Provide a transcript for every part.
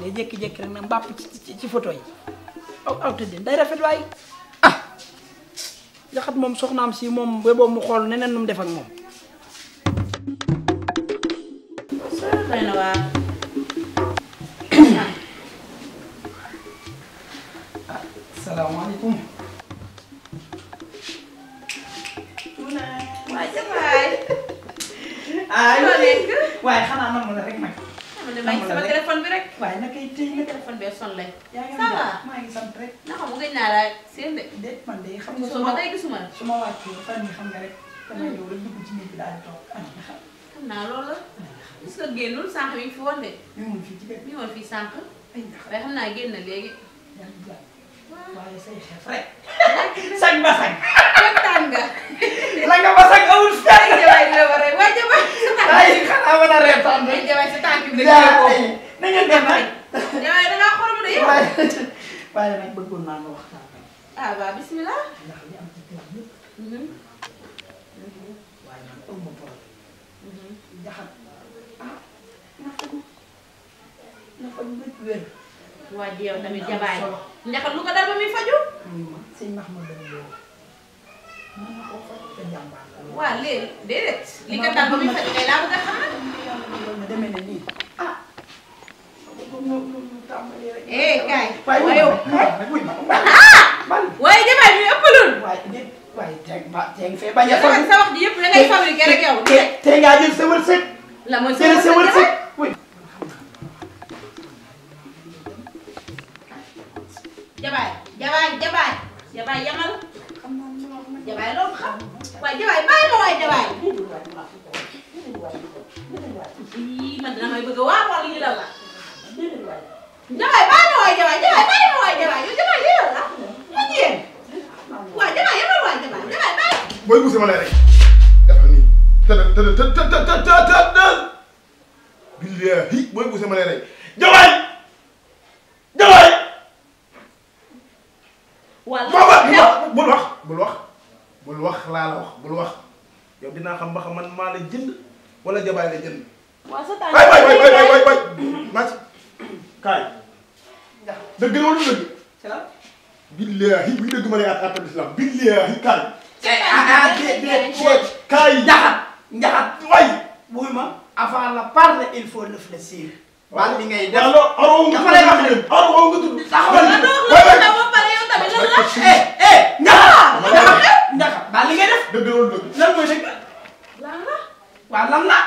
day jékki-jékki rek nag mbàpp ci ci photo yi aw aw tëddeen day rafet waay ah! jaxat moom soxnaam si moom ba mu xool neneen nu mu def moom. xëy na waa waaye xanaa man ma la rek may. téléphone bi rek. waaye na kay tey nag téléphone bee sonn lañ. ça va maa ngi sant rek. na xam nga naa la seen de. déet man de xam nga suma tey gisuma la. su ma wàccee fan yi xam nga rek. damay hmm. ñëw rek dugg ci nit bi daal di toog xam naa loolu la. gis nga génnul sànq mi ngi fi woon de. mi woon fii ci benn mi woon fii sànq. waaye xam naa génn léegi. waaye say xeef rek. sañ ba sañ. kontaan nga. la nga ba may ñaay da nga xorom de yow waaye damay bëggoon naa nga ah ba bismillah ndax li am ci kër yëpp waaye man aw ma problème jaxat ah nafagu nafagu bëgg wér waa di yow tamit jabaay ndaxal lu ko dal ba muy faju sëñ Mahmoud waa léegi déedéet li nga dal ba muy eh kay waaye yow waaye jabaay bi ëppalul. waaye tey ba fee bañ a. sa ji yëpp la ngay fabriqué rek yow. te te ngaa jël sa wërsëg. la mooy sa wërsëg jabaay jabaay jabaay jabaay yamal jabaay loolu xam man dina may bëgg waa wala lii booy buuse ma lay rek defal nii tëdd tëdd tëdd tëdd tëdd tëdd billaahi booy buuse ma lay rek jawaay jawaay wala bul wax bul wax bul wax laa la wax bul wax yow dinaa xam ba xam man maa la jënd wala jabaay la jënd waaw sa taal waay waay waay waay waay waay kaay dëgg la wala billaahi buy dëgg ma ne ak àttab islam billaahi eh, eh, eh, kaay. kaay njaxat njaxat waay. wuy ma avant la parler il faut réfléchir. waaw oh. li ngay def waaw nga tudd waaw nga waaw li ngay def. dëgg la loolu dëgg. lan mooy dëgg. lan la. waaw lan la.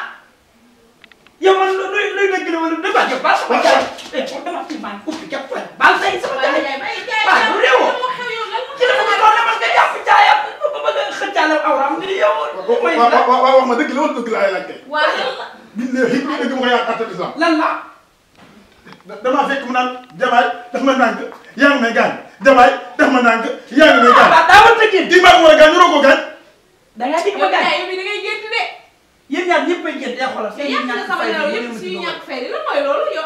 yow man looy looy dëgg la wala dëgg la. eh kon damaa fi maa ngi ubbi képp ku ne baal tey sama jaay jaay waaye du réewoo ci dafa ci kaw demal nga jàpp jaayam ba bëgg a xëccaale awraam nga di yow. may na waaw waaw wax ma dëgg la wala dëgg laay laajte. waaw lan la. biñ ne xëy na dëgg ma ko yàq àttan islam. lan la. damaa fekk mu naan jabaay daf ma nànk yaa ngi may gaañ jabaay daf ma nànk yaa ngi may gaañ. ah daa war a tëjee. di baax wala gaañ yoroo ko gaañ. da ngaa dikk ba gaañ yéen ñaar ñëpp ay gént yaa xoolal. yàq na sama yow yëpp suñu ñàkk fay la mooy loolu yow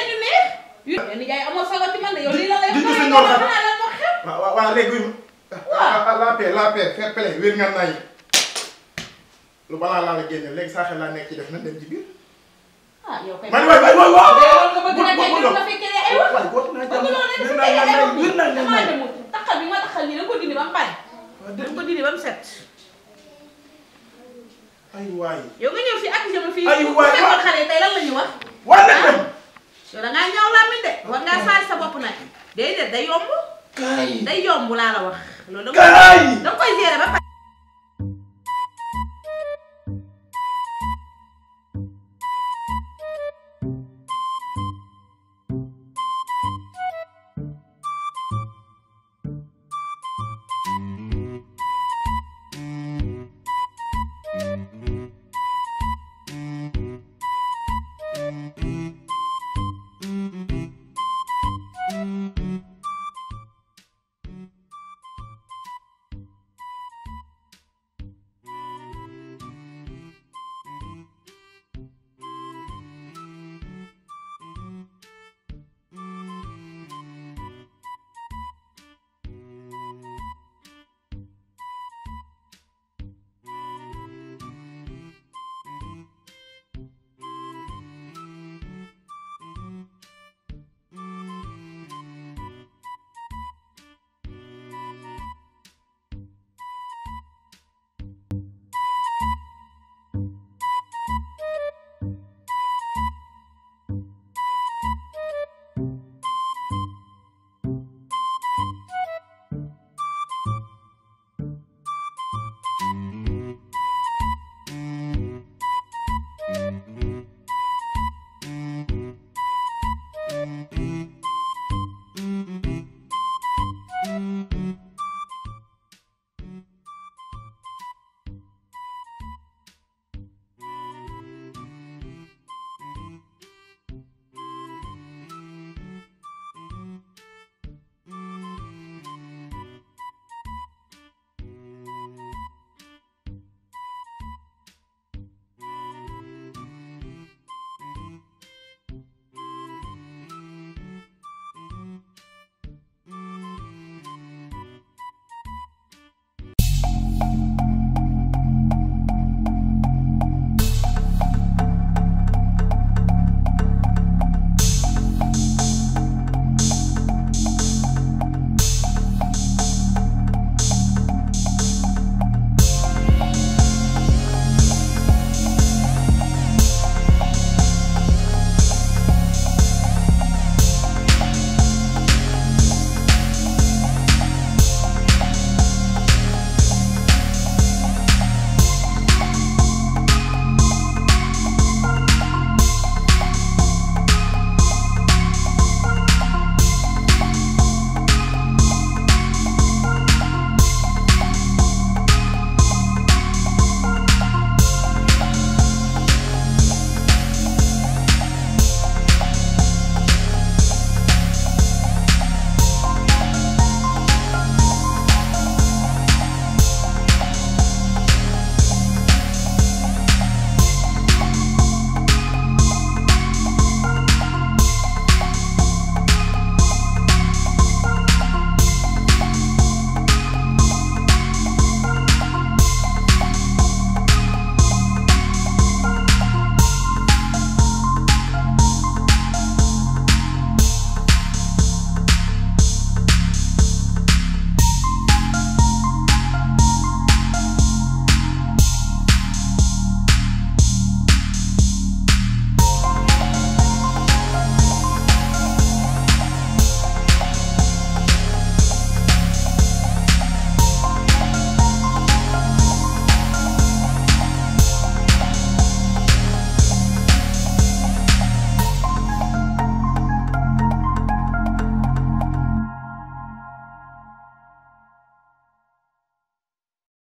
ni jaay amoo sago ci man de yow lii la lay wax ma la ma xew waaw waaw léegi la paix la paix fair play wér nga nayi lu balaa laa la génne léegi saa xel laa nekk ci def na dem ci biir ah yow kay man waay waay waay waaw bu bu la fekkee ay wax waay góor naa jàmm wér naa nga nayi wér naa nga nayi taxal bi ma taxal nii da ko dindi ba mu pare da ko dindi ba mu set ay waay yow nga ñëw fii ak jëm fii déedéet day yomb. kaay day yomb laa la wax. loolu da nga koy gérer ba pare.